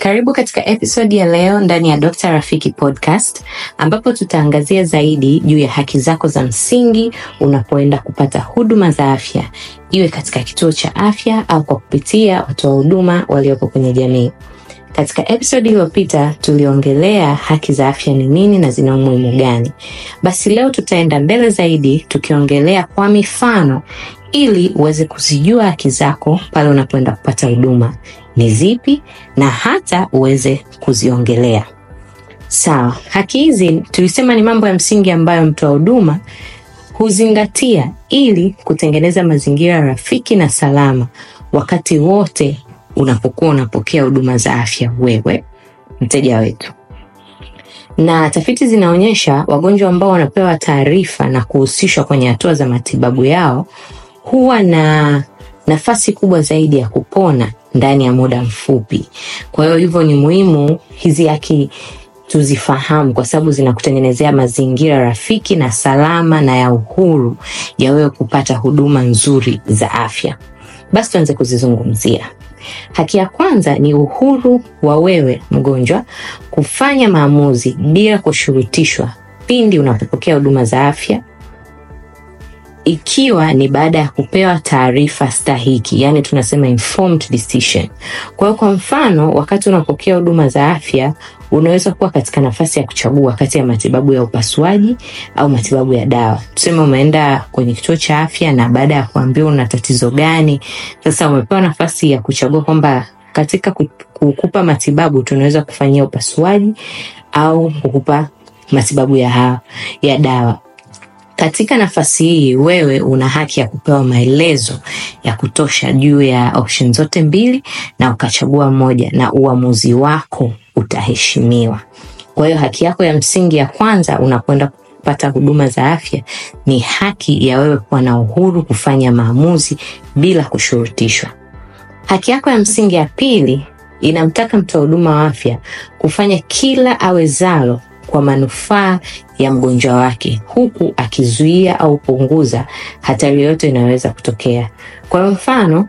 karibu katika episodi ya leo ndani ya Dr. Rafiki Podcast ambapo tutaangazia zaidi juu ya haki zako za msingi unapoenda kupata huduma za afya, iwe katika kituo cha afya au kwa kupitia watoa huduma waliopo kwenye jamii. Katika episodi iliyopita tuliongelea haki za afya ni nini na zina umuhimu gani. Basi leo tutaenda mbele zaidi tukiongelea kwa mifano ili uweze kuzijua haki zako pale unapoenda kupata huduma, ni zipi na hata uweze kuziongelea. Sawa, haki hizi tulisema ni mambo ya msingi ambayo mtoa huduma huzingatia ili kutengeneza mazingira rafiki na salama wakati wote unapokuwa unapokea huduma za afya, wewe mteja wetu. Na tafiti zinaonyesha wagonjwa ambao wanapewa taarifa na kuhusishwa kwenye hatua za matibabu yao huwa na nafasi kubwa zaidi ya kupona ndani ya muda mfupi. Kwa hiyo hivyo ni muhimu hizi haki tuzifahamu kwa sababu zinakutengenezea mazingira rafiki na salama na ya uhuru ya wewe kupata huduma nzuri za afya. Basi tuanze kuzizungumzia. Haki ya kwanza ni uhuru wa wewe mgonjwa kufanya maamuzi bila kushurutishwa pindi unapopokea huduma za afya ikiwa ni baada ya kupewa taarifa stahiki, yani tunasema informed decision. Kwa hiyo, kwa mfano, wakati unapokea huduma za afya, unaweza kuwa katika nafasi ya kuchagua kati ya matibabu ya upasuaji au matibabu ya dawa. Tuseme umeenda kwenye kituo cha afya, na baada ya kuambiwa una tatizo gani, sasa umepewa nafasi ya kuchagua kwamba katika kukupa matibabu tunaweza kufanyia upasuaji au kukupa matibabu ya, ya dawa. Katika nafasi hii, wewe una haki ya kupewa maelezo ya kutosha juu ya option zote mbili na ukachagua moja, na uamuzi wako utaheshimiwa. Kwa hiyo haki yako ya msingi ya kwanza unakwenda kupata huduma za afya ni haki ya wewe kuwa na uhuru kufanya maamuzi bila kushurutishwa. Haki yako ya msingi ya pili inamtaka mtoa huduma wa afya kufanya kila awezalo kwa manufaa ya mgonjwa wake, huku akizuia au punguza hatari yoyote inayoweza kutokea. Kwa mfano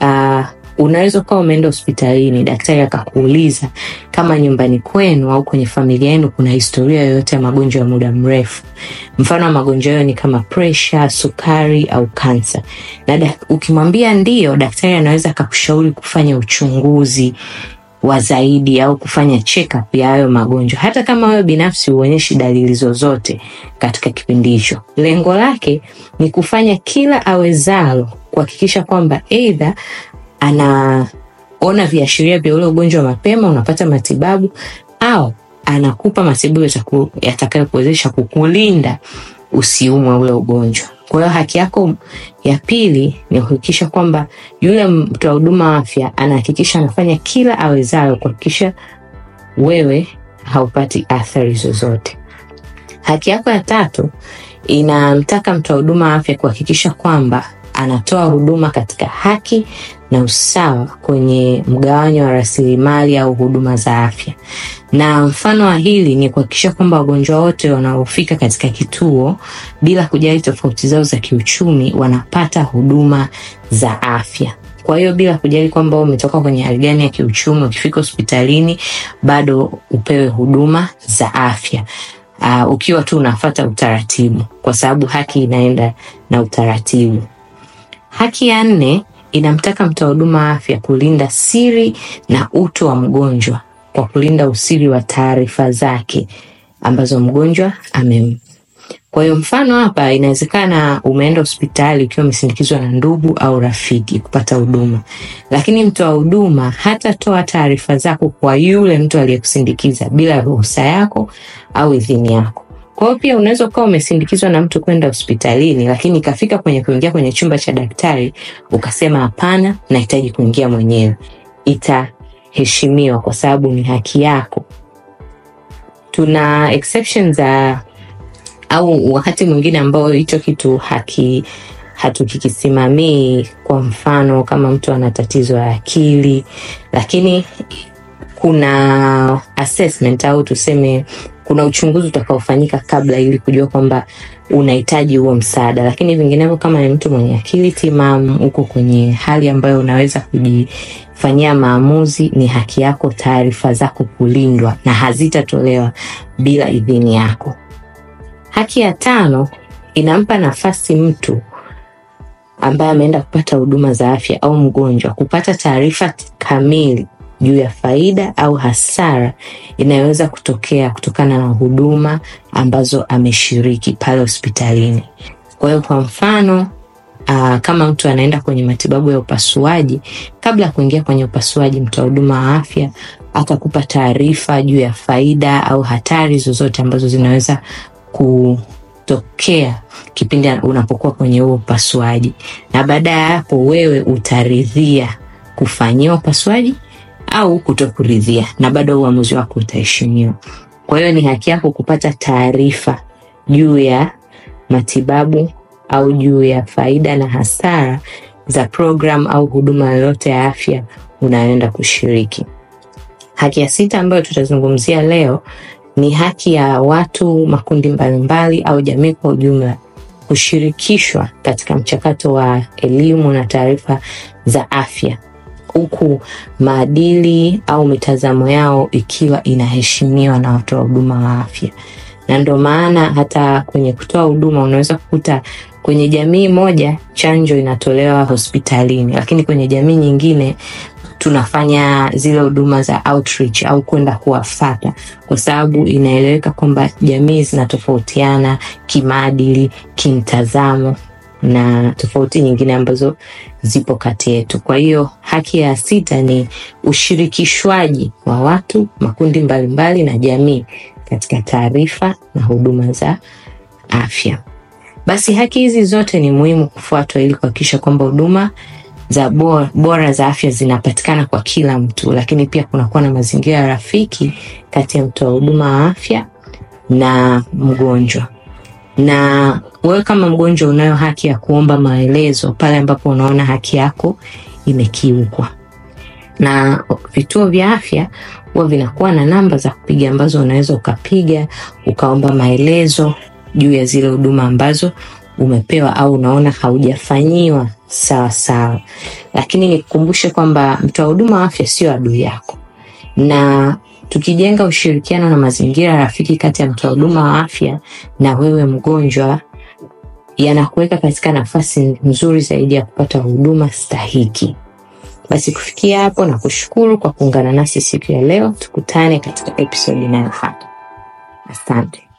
uh, unaweza ukawa umeenda hospitalini, daktari akakuuliza kama nyumbani kwenu au kwenye familia yenu kuna historia yoyote ya magonjwa ya muda mrefu. Mfano wa magonjwa hayo ni kama presha, sukari au kansa, na ukimwambia ndiyo, daktari anaweza akakushauri kufanya uchunguzi wa zaidi au kufanya check up ya hayo magonjwa, hata kama wewe binafsi huonyeshi dalili zozote katika kipindi hicho. Lengo lake ni kufanya kila awezalo kuhakikisha kwamba aidha anaona viashiria vya ule ugonjwa mapema, unapata matibabu au anakupa matibabu yatakayokuwezesha kukulinda usiumwe ule ugonjwa. Kwa hiyo haki yako ya pili ni kuhakikisha kwamba yule mtoa huduma wa afya anahakikisha anafanya kila awezayo kuhakikisha wewe haupati athari zozote. Haki yako ya tatu inamtaka mtoa huduma wa afya kuhakikisha kwamba anatoa huduma katika haki na usawa kwenye mgawanyo wa rasilimali au huduma za afya na mfano wa hili ni kuhakikisha kwamba wagonjwa wote wanaofika katika kituo bila kujali tofauti zao za kiuchumi wanapata huduma za afya. Kwa hiyo bila kujali kwamba umetoka kwenye hali gani ya kiuchumi, ukifika hospitalini bado upewe huduma za afya. Uh, ukiwa tu unafata utaratibu, kwa sababu haki inaenda na utaratibu. Haki ya nne inamtaka mtoa huduma afya kulinda siri na utu wa mgonjwa kwa kulinda usiri wa taarifa zake ambazo mgonjwa amempa. Kwa hiyo mfano hapa, inawezekana umeenda hospitali ukiwa umesindikizwa na ndugu au rafiki kupata huduma, lakini mtoa huduma hatatoa taarifa zako kwa yule mtu aliyekusindikiza bila ruhusa yako au idhini yako. Kwa hiyo pia unaweza ukawa umesindikizwa na mtu kwenda hospitalini, lakini ikafika kwenye kuingia kwenye chumba cha daktari ukasema hapana, nahitaji kuingia mwenyewe, ita heshimiwa kwa sababu ni haki yako. Tuna exception za au wakati mwingine ambao hicho kitu haki hatukikisimamii, kwa mfano kama mtu ana tatizo ya akili, lakini kuna assessment au tuseme kuna uchunguzi utakaofanyika kabla ili kujua kwamba unahitaji huo msaada, lakini vinginevyo, kama ni mtu mwenye akili timamu, uko kwenye hali ambayo unaweza kuji kufanyia maamuzi, ni haki yako taarifa zako kulindwa na hazitatolewa bila idhini yako. Haki ya tano inampa nafasi mtu ambaye ameenda kupata huduma za afya au mgonjwa kupata taarifa kamili juu ya faida au hasara inayoweza kutokea kutokana na huduma ambazo ameshiriki pale hospitalini. Kwa hiyo, kwa mfano Uh, kama mtu anaenda kwenye matibabu ya upasuaji, kabla ya kuingia kwenye upasuaji, wa huduma wa afya atakupa taarifa juu ya faida au hatari zozote ambazo zinaweza kutokea kipindi unapokuwa kwenye huo upasuaji, na baada ya hapo wewe utaridhia kufanyia upasuaji au kutokuridhia, na bado uamuzi wako utaheshimiwa. Kwa hiyo ni haki yako kupata taarifa juu ya matibabu au juu ya faida na hasara za programu au huduma yoyote ya afya unayoenda kushiriki. Haki ya sita ambayo tutazungumzia leo ni haki ya watu, makundi mbalimbali au jamii kwa ujumla kushirikishwa katika mchakato wa elimu na taarifa za afya, huku maadili au mitazamo yao ikiwa inaheshimiwa na watoa huduma wa afya. Na ndio maana hata kwenye kutoa huduma unaweza kukuta Kwenye jamii moja chanjo inatolewa hospitalini, lakini kwenye jamii nyingine tunafanya zile huduma za outreach au kwenda kuwafata, kwa sababu inaeleweka kwamba jamii zinatofautiana kimaadili, kimtazamo na tofauti nyingine ambazo zipo kati yetu. Kwa hiyo haki ya sita ni ushirikishwaji wa watu, makundi mbalimbali mbali na jamii katika taarifa na huduma za afya. Basi haki hizi zote ni muhimu kufuatwa ili kuhakikisha kwamba huduma za bora, za afya zinapatikana kwa kila mtu, lakini pia kunakuwa na mazingira rafiki kati ya mtoa huduma wa afya na mgonjwa. Na wewe kama mgonjwa unayo haki ya kuomba maelezo pale ambapo unaona haki yako imekiukwa, na vituo vya afya huwa vinakuwa na namba za kupiga ambazo unaweza ukapiga ukaomba maelezo juu ya zile huduma ambazo umepewa au unaona haujafanyiwa sawa sawa. Lakini nikukumbushe kwamba mtoa huduma wa afya sio adui yako, na tukijenga ushirikiano na mazingira rafiki kati ya mtoa huduma wa afya na wewe mgonjwa, yanakuweka katika nafasi nzuri zaidi ya kupata huduma stahiki. Basi kufikia hapo, na kushukuru kwa kuungana nasi siku ya leo. Tukutane katika episodi inayofuata. Asante.